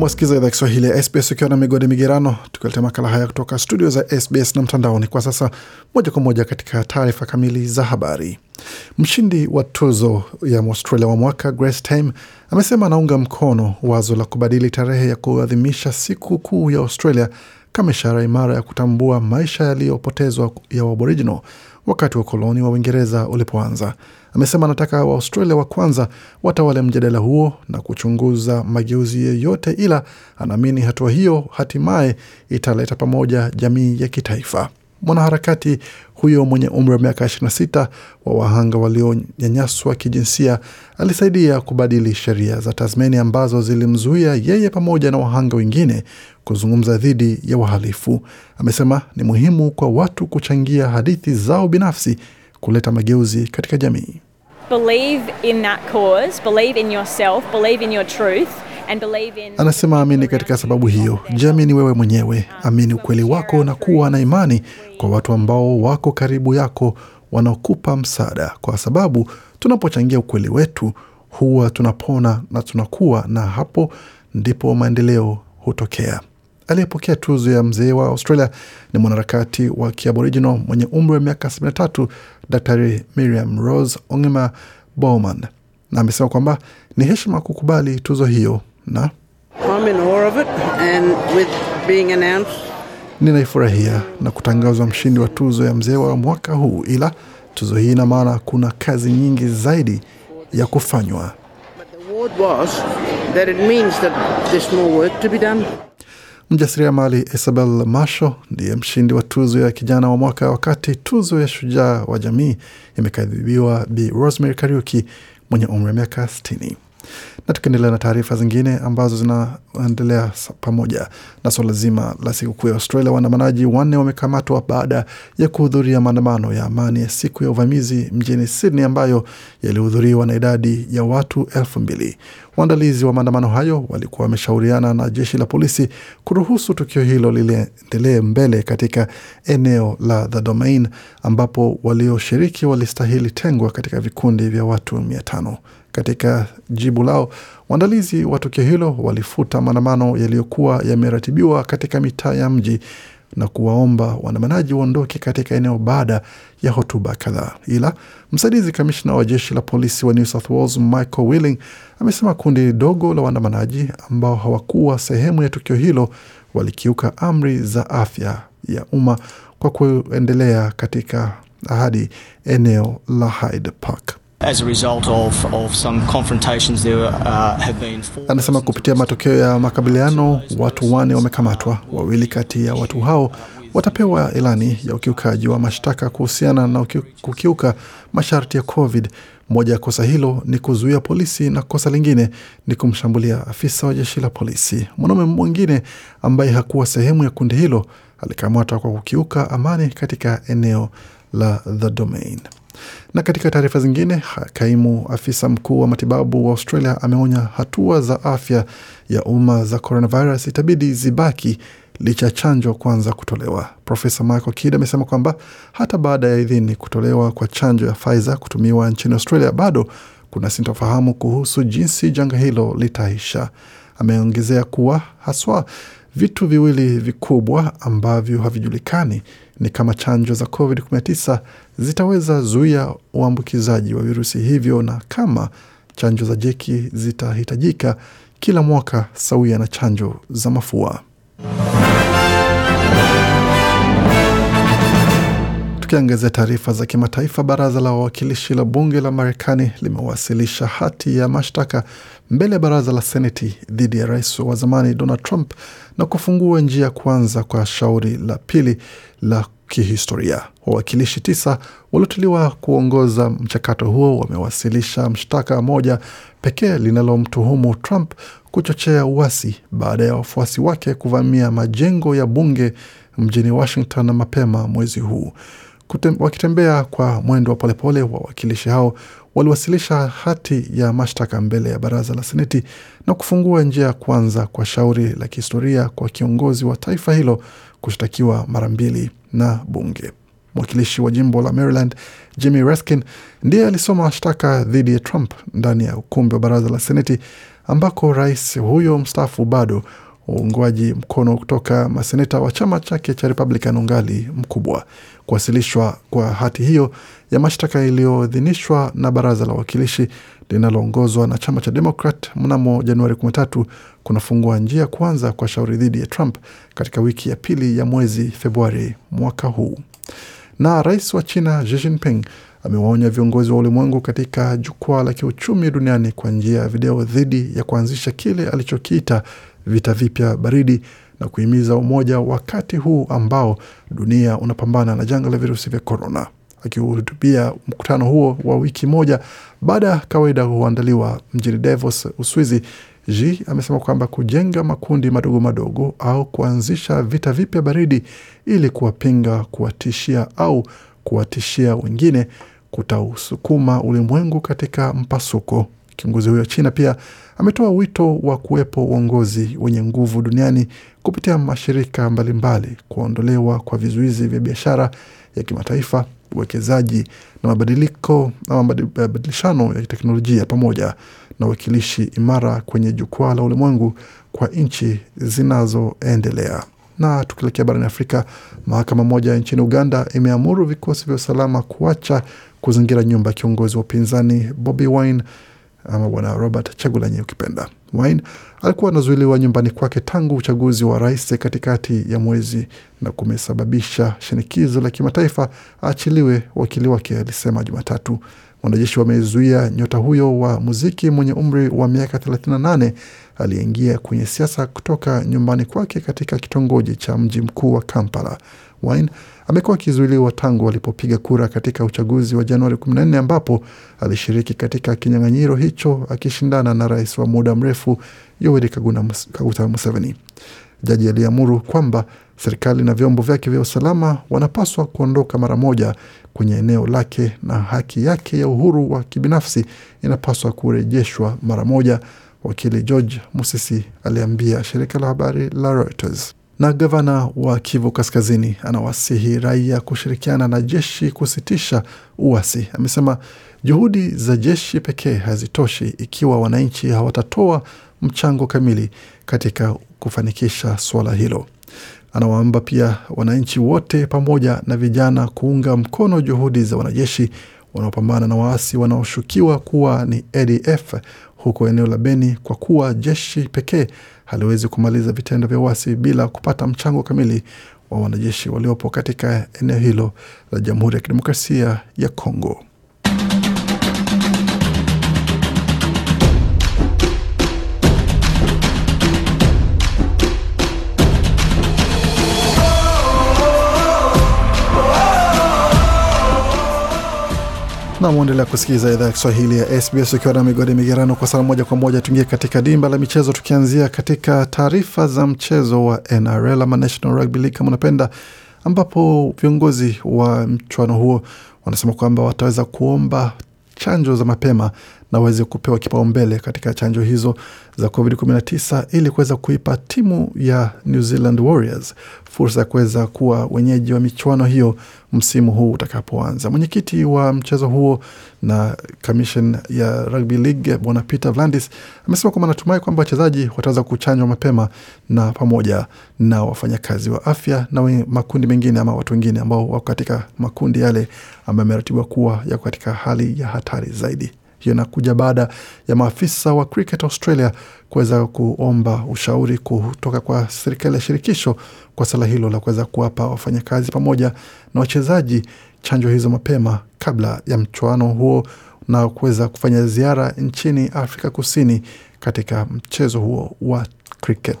mwasikiza idhaa Kiswahili ya SBS ukiwa na migodi migerano, tukiletea makala haya kutoka studio za SBS na mtandaoni kwa sasa, moja kwa moja katika taarifa kamili za habari. Mshindi wa tuzo ya australia wa mwaka Grace amesema anaunga mkono wazo la kubadili tarehe ya kuadhimisha siku kuu ya Australia kama ishara imara ya kutambua maisha yaliyopotezwa ya Aboriginal wakati wa ukoloni wa Uingereza ulipoanza amesema anataka Waaustralia wa kwanza watawale mjadala huo na kuchunguza mageuzi yeyote, ila anaamini hatua hiyo hatimaye italeta pamoja jamii ya kitaifa. Mwanaharakati huyo mwenye umri wa miaka 26 wa wahanga walionyanyaswa kijinsia alisaidia kubadili sheria za Tasmania ambazo zilimzuia yeye pamoja na wahanga wengine kuzungumza dhidi ya wahalifu. Amesema ni muhimu kwa watu kuchangia hadithi zao binafsi kuleta mageuzi katika jamii. Believe in that cause, believe in yourself, believe in your truth. In... Anasema amini katika sababu hiyo, jiamini wewe mwenyewe, amini ukweli wako na kuwa na imani kwa watu ambao wako karibu yako wanaokupa msaada, kwa sababu tunapochangia ukweli wetu huwa tunapona na tunakuwa, na hapo ndipo maendeleo hutokea aliyepokea tuzo ya mzee wa Australia ni mwanaharakati wa kiaboriginal mwenye umri wa miaka 73 dr Miriam Rose Ongema Bowman, na amesema kwamba ni heshima kukubali tuzo hiyo na ninaifurahia na kutangazwa mshindi wa tuzo ya mzee wa mwaka huu, ila tuzo hii ina maana kuna kazi nyingi zaidi ya kufanywa. Mjasiriamali Isabel Masho ndiye mshindi wa tuzo ya kijana wa mwaka, wakati tuzo ya shujaa wa jamii imekabidhiwa Bi Rosemary Kariuki mwenye umri wa miaka 60. Na tukiendelea na taarifa zingine ambazo zinaendelea pamoja na suala zima la sikukuu ya Australia, waandamanaji wanne wamekamatwa baada ya kuhudhuria maandamano ya amani ya siku ya uvamizi mjini Sydney ambayo yalihudhuriwa na idadi ya watu elfu mbili. Waandalizi wa maandamano hayo walikuwa wameshauriana na jeshi la polisi kuruhusu tukio hilo liliendelee mbele katika eneo la The Domain ambapo walioshiriki walistahili tengwa katika vikundi vya watu mia tano. Katika jibu lao, waandalizi wa tukio hilo walifuta maandamano yaliyokuwa yameratibiwa katika mitaa ya mji na kuwaomba waandamanaji waondoke katika eneo baada ya hotuba kadhaa. Ila msaidizi kamishna wa jeshi la polisi wa New South Wales Michael Willing amesema kundi dogo la waandamanaji ambao hawakuwa sehemu ya tukio hilo walikiuka amri za afya ya umma kwa kuendelea katika ahadi eneo la Hyde Park. Uh, Anasema kupitia matokeo ya makabiliano watu wane wamekamatwa. Wawili kati ya watu hao watapewa ilani ya ukiukaji wa mashtaka kuhusiana na kukiuka masharti ya COVID. Moja ya kosa hilo ni kuzuia polisi na kosa lingine ni kumshambulia afisa wa jeshi la polisi. Mwanaume mwingine ambaye hakuwa sehemu ya kundi hilo alikamatwa kwa kukiuka amani katika eneo la The Domain. Na katika taarifa zingine, kaimu afisa mkuu wa matibabu wa Australia ameonya hatua za afya ya umma za coronavirus itabidi zibaki licha ya chanjo kuanza kutolewa. Profesa Michael Kidd amesema kwamba hata baada ya idhini kutolewa kwa chanjo ya Pfizer kutumiwa nchini Australia, bado kuna sintofahamu kuhusu jinsi janga hilo litaisha. Ameongezea kuwa haswa vitu viwili vikubwa ambavyo havijulikani ni kama chanjo za COVID-19 zitaweza zuia uambukizaji wa virusi hivyo na kama chanjo za jeki zitahitajika kila mwaka sawia na chanjo za mafua. Tukiangazia taarifa za kimataifa, baraza la wawakilishi la bunge la Marekani limewasilisha hati ya mashtaka mbele ya baraza la seneti dhidi ya rais wa zamani Donald Trump na kufungua njia kwanza kwa shauri la pili la kihistoria. Wawakilishi tisa walioteuliwa kuongoza mchakato huo wamewasilisha mshtaka moja pekee linalomtuhumu Trump kuchochea uasi baada ya wafuasi wake kuvamia majengo ya bunge mjini Washington mapema mwezi huu. Kutem, wakitembea kwa mwendo wa polepole, wawakilishi hao waliwasilisha hati ya mashtaka mbele ya baraza la Seneti na kufungua njia ya kwanza kwa shauri la kihistoria kwa kiongozi wa taifa hilo kushtakiwa mara mbili na bunge. Mwakilishi wa jimbo la Maryland Jimmy Raskin ndiye alisoma shtaka dhidi ya Trump ndani ya ukumbi wa baraza la Seneti ambako rais huyo mstaafu bado uungwaji mkono kutoka maseneta wa chama chake cha Republican ungali mkubwa. Kuwasilishwa kwa hati hiyo ya mashtaka iliyoidhinishwa na baraza la wawakilishi linaloongozwa na chama cha Demokrat mnamo Januari 13 kunafungua njia kwanza kwa shauri dhidi ya Trump katika wiki ya pili ya mwezi Februari mwaka huu. Na rais wa China Xi Jinping amewaonya viongozi wa ulimwengu katika jukwaa la kiuchumi duniani kwa njia ya video dhidi ya kuanzisha kile alichokiita vita vipya baridi na kuhimiza umoja wakati huu ambao dunia unapambana na janga la virusi vya korona. Akihutubia mkutano huo wa wiki moja baada ya kawaida huandaliwa mjini Davos, Uswizi, j amesema kwamba kujenga makundi madogo madogo au kuanzisha vita vipya baridi ili kuwapinga, kuwatishia au kuwatishia wengine kutausukuma ulimwengu katika mpasuko. Kiongozi huyo wa China pia ametoa wito wa kuwepo uongozi wenye nguvu duniani kupitia mashirika mbalimbali, kuondolewa kwa vizuizi vya biashara ya kimataifa, uwekezaji na mabadiliko na mabadilishano ya teknolojia, pamoja na uwakilishi imara kwenye jukwaa la ulimwengu kwa nchi zinazoendelea. Na tukielekea barani Afrika, mahakama moja nchini Uganda imeamuru vikosi vya usalama kuacha kuzingira nyumba ya kiongozi wa upinzani Bobi Wine ama bwana Robert Chagulanyi ukipenda. Wine alikuwa anazuiliwa nyumbani kwake tangu uchaguzi wa rais katikati ya mwezi na kumesababisha shinikizo la kimataifa aachiliwe, wakili wake alisema Jumatatu. Wanajeshi wamezuia nyota huyo wa muziki mwenye umri wa miaka 38 aliyeingia kwenye siasa kutoka nyumbani kwake katika kitongoji cha mji mkuu wa Kampala Wine amekuwa akizuiliwa tangu alipopiga kura katika uchaguzi wa Januari 14 ambapo alishiriki katika kinyang'anyiro hicho akishindana na rais wa muda mrefu Yoweri Kaguta Museveni. Jaji aliamuru kwamba serikali na vyombo vyake vya usalama wanapaswa kuondoka mara moja kwenye eneo lake na haki yake ya uhuru wa kibinafsi inapaswa kurejeshwa mara moja, wakili George Musisi aliambia shirika la habari la Reuters. Na gavana wa Kivu Kaskazini anawasihi raia kushirikiana na jeshi kusitisha uasi. Amesema juhudi za jeshi pekee hazitoshi ikiwa wananchi hawatatoa mchango kamili katika kufanikisha suala hilo. Anawaomba pia wananchi wote pamoja na vijana kuunga mkono juhudi za wanajeshi wanaopambana na waasi wanaoshukiwa kuwa ni ADF huko eneo la Beni, kwa kuwa jeshi pekee haliwezi kumaliza vitendo vya uasi bila kupata mchango kamili wa wanajeshi waliopo katika eneo hilo la Jamhuri ya Kidemokrasia ya Kongo. na mwendelea kusikiliza idhaa ya Kiswahili ya SBS ukiwa na migodi migerano kwa sala moja kwa moja. Tuingie katika dimba la michezo, tukianzia katika taarifa za mchezo wa NRL ama National Rugby League kama unapenda, ambapo viongozi wa mchuano huo wanasema kwamba wataweza kuomba chanjo za mapema na waweze kupewa kipaumbele katika chanjo hizo za COVID-19 ili kuweza kuipa timu ya New Zealand Warriors fursa ya kuweza kuwa wenyeji wa michuano hiyo msimu huu utakapoanza. Mwenyekiti wa mchezo huo na kamishen ya rugby league bwana Peter Vlandis amesema kwamba anatumai kwamba wachezaji wataweza kuchanjwa mapema na pamoja na wafanyakazi wa afya na makundi mengine ama watu wengine ambao wako katika makundi yale ambayo ameratibiwa kuwa yako katika hali ya hatari zaidi. Hiyo inakuja baada ya maafisa wa Cricket Australia kuweza kuomba ushauri kutoka kwa serikali ya shirikisho kwa suala hilo la kuweza kuwapa wafanyakazi pamoja na wachezaji chanjo hizo mapema kabla ya mchuano huo na kuweza kufanya ziara nchini Afrika Kusini katika mchezo huo wa cricket.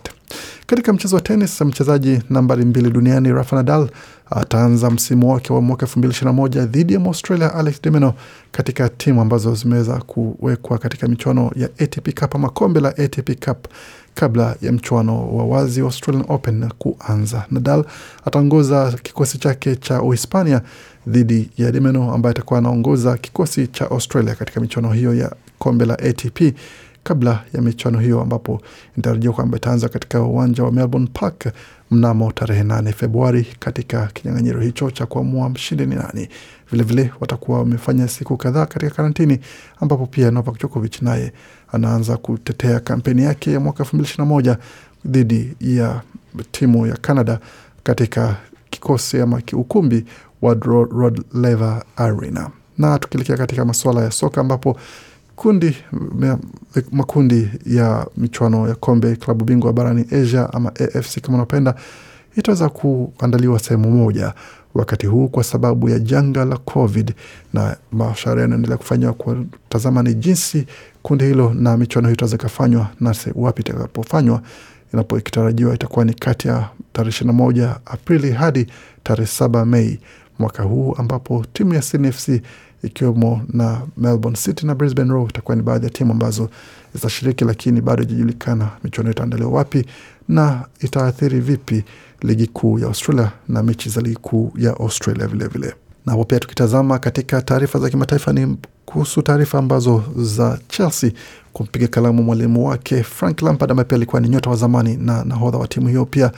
Katika mchezo wa tenis, mchezaji nambari mbili duniani Rafa Nadal ataanza msimu wake wa mwaka elfu mbili ishirini na moja dhidi ya Mwaustralia Alex de Minaur katika timu ambazo zimeweza kuwekwa katika michuano ya ATP Cup ama kombe la ATP Cup kabla ya mchuano wa wazi wa Australian Open kuanza. Nadal ataongoza kikosi chake cha Uhispania dhidi ya de Minaur ambaye atakuwa anaongoza kikosi cha Australia katika michuano hiyo ya kombe la ATP kabla ya michuano hiyo ambapo inatarajiwa kwamba itaanza katika uwanja wa Melbourne Park mnamo tarehe 8 Februari katika kinyang'anyiro hicho cha kuamua mshindi ni nani. Vilevile watakuwa wamefanya siku kadhaa katika karantini, ambapo pia Novak Djokovic naye anaanza kutetea kampeni yake ya mwaka moja dhidi ya timu ya Canada katika kikosi ama ukumbi wa Rod Laver Arena. Na tukielekea katika masuala ya soka ambapo kundi, makundi ya michuano ya kombe klabu bingwa barani Asia ama AFC kama unapenda, itaweza kuandaliwa sehemu moja wakati huu kwa sababu ya janga la COVID na mashauriano yanaendelea kufanywa kutazama ni jinsi kundi hilo na michuano hiyo itaweza ikafanywa na wapi itakapofanywa, inapo ikitarajiwa itakuwa ni kati ya tarehe ishirini na moja Aprili hadi tarehe saba Mei mwaka huu ambapo timu ya cnfc ikiwemo na Melbourne City na Brisbane Roar itakuwa ni baadhi ya timu ambazo zitashiriki, lakini bado haijajulikana michuano itaandaliwa wapi na itaathiri vipi ligi kuu ya Australia na mechi za ligi kuu ya Australia vilevile vile. Na hapo pia tukitazama katika taarifa za kimataifa ni kuhusu taarifa ambazo za Chelsea kumpiga kalamu mwalimu wake Frank Lampard ambaye pia alikuwa ni nyota wa zamani na nahodha wa timu hiyo pia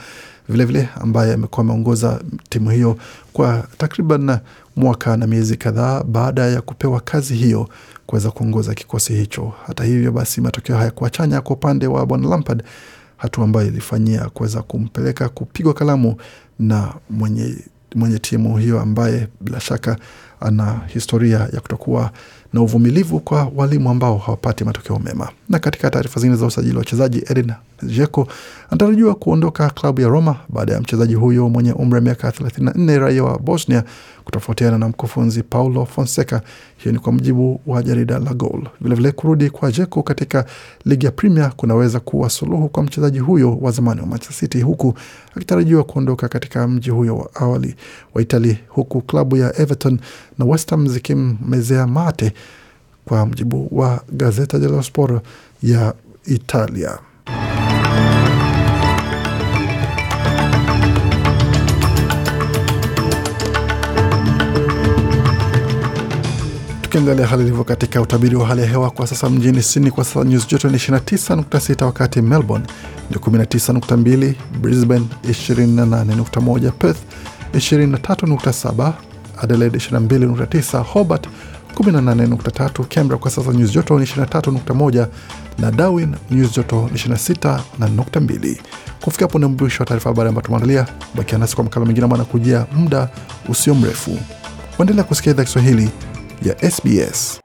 vilevile vile, ambaye amekuwa ameongoza timu hiyo kwa takriban mwaka na miezi kadhaa baada ya kupewa kazi hiyo kuweza kuongoza kikosi hicho. Hata hivyo basi, matokeo hayakuwa kwa upande wa bwana Lampard, hatua ambayo ilifanyia kuweza kumpeleka kupigwa kalamu na mwenye, mwenye timu hiyo ambaye bila shaka ana historia ya kutokuwa na uvumilivu kwa walimu ambao hawapati matokeo mema. Na katika taarifa zingine za usajili wa wachezaji, Edin Dzeko anatarajiwa kuondoka klabu ya Roma baada ya mchezaji huyo mwenye umri wa miaka 34 raia wa Bosnia kutofautiana na mkufunzi Paulo Fonseca. Hiyo ni kwa mujibu wa jarida la Gol. Vilevile, kurudi kwa Dzeko katika ligi ya Premier kunaweza kuwa suluhu kwa mchezaji huyo wa zamani wa Manchester City, huku akitarajiwa kuondoka katika mji huyo wa awali wa Itali, huku klabu ya Everton na West Ham zikimmezea mate kwa mjibu wa Gazeta dello Sport ya Italia. Tukiangalia hali ilivyo katika utabiri wa hali ya hewa kwa sasa, mjini Sydney kwa sasa nyuzi joto ni 29.6, wakati Melbourne ni 19.2, Brisbane 28.1, Perth 23.7, Adelaide 22.9, Hobart 18.3, Canberra kwa sasa nyuzi joto ni 23.1 na Darwin nyuzi joto ni 26.2. Kufikia hapo ni mwisho wa taarifa habari ambayo tumeandalia. Bakia nasi kwa makala mengine ambayo anakujia muda usio mrefu. Waendelea kusikia idhaa Kiswahili ya SBS.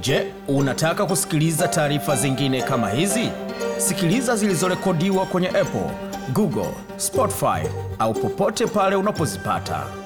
Je, unataka kusikiliza taarifa zingine kama hizi? Sikiliza zilizorekodiwa kwenye Apple, Google, Spotify au popote pale unapozipata.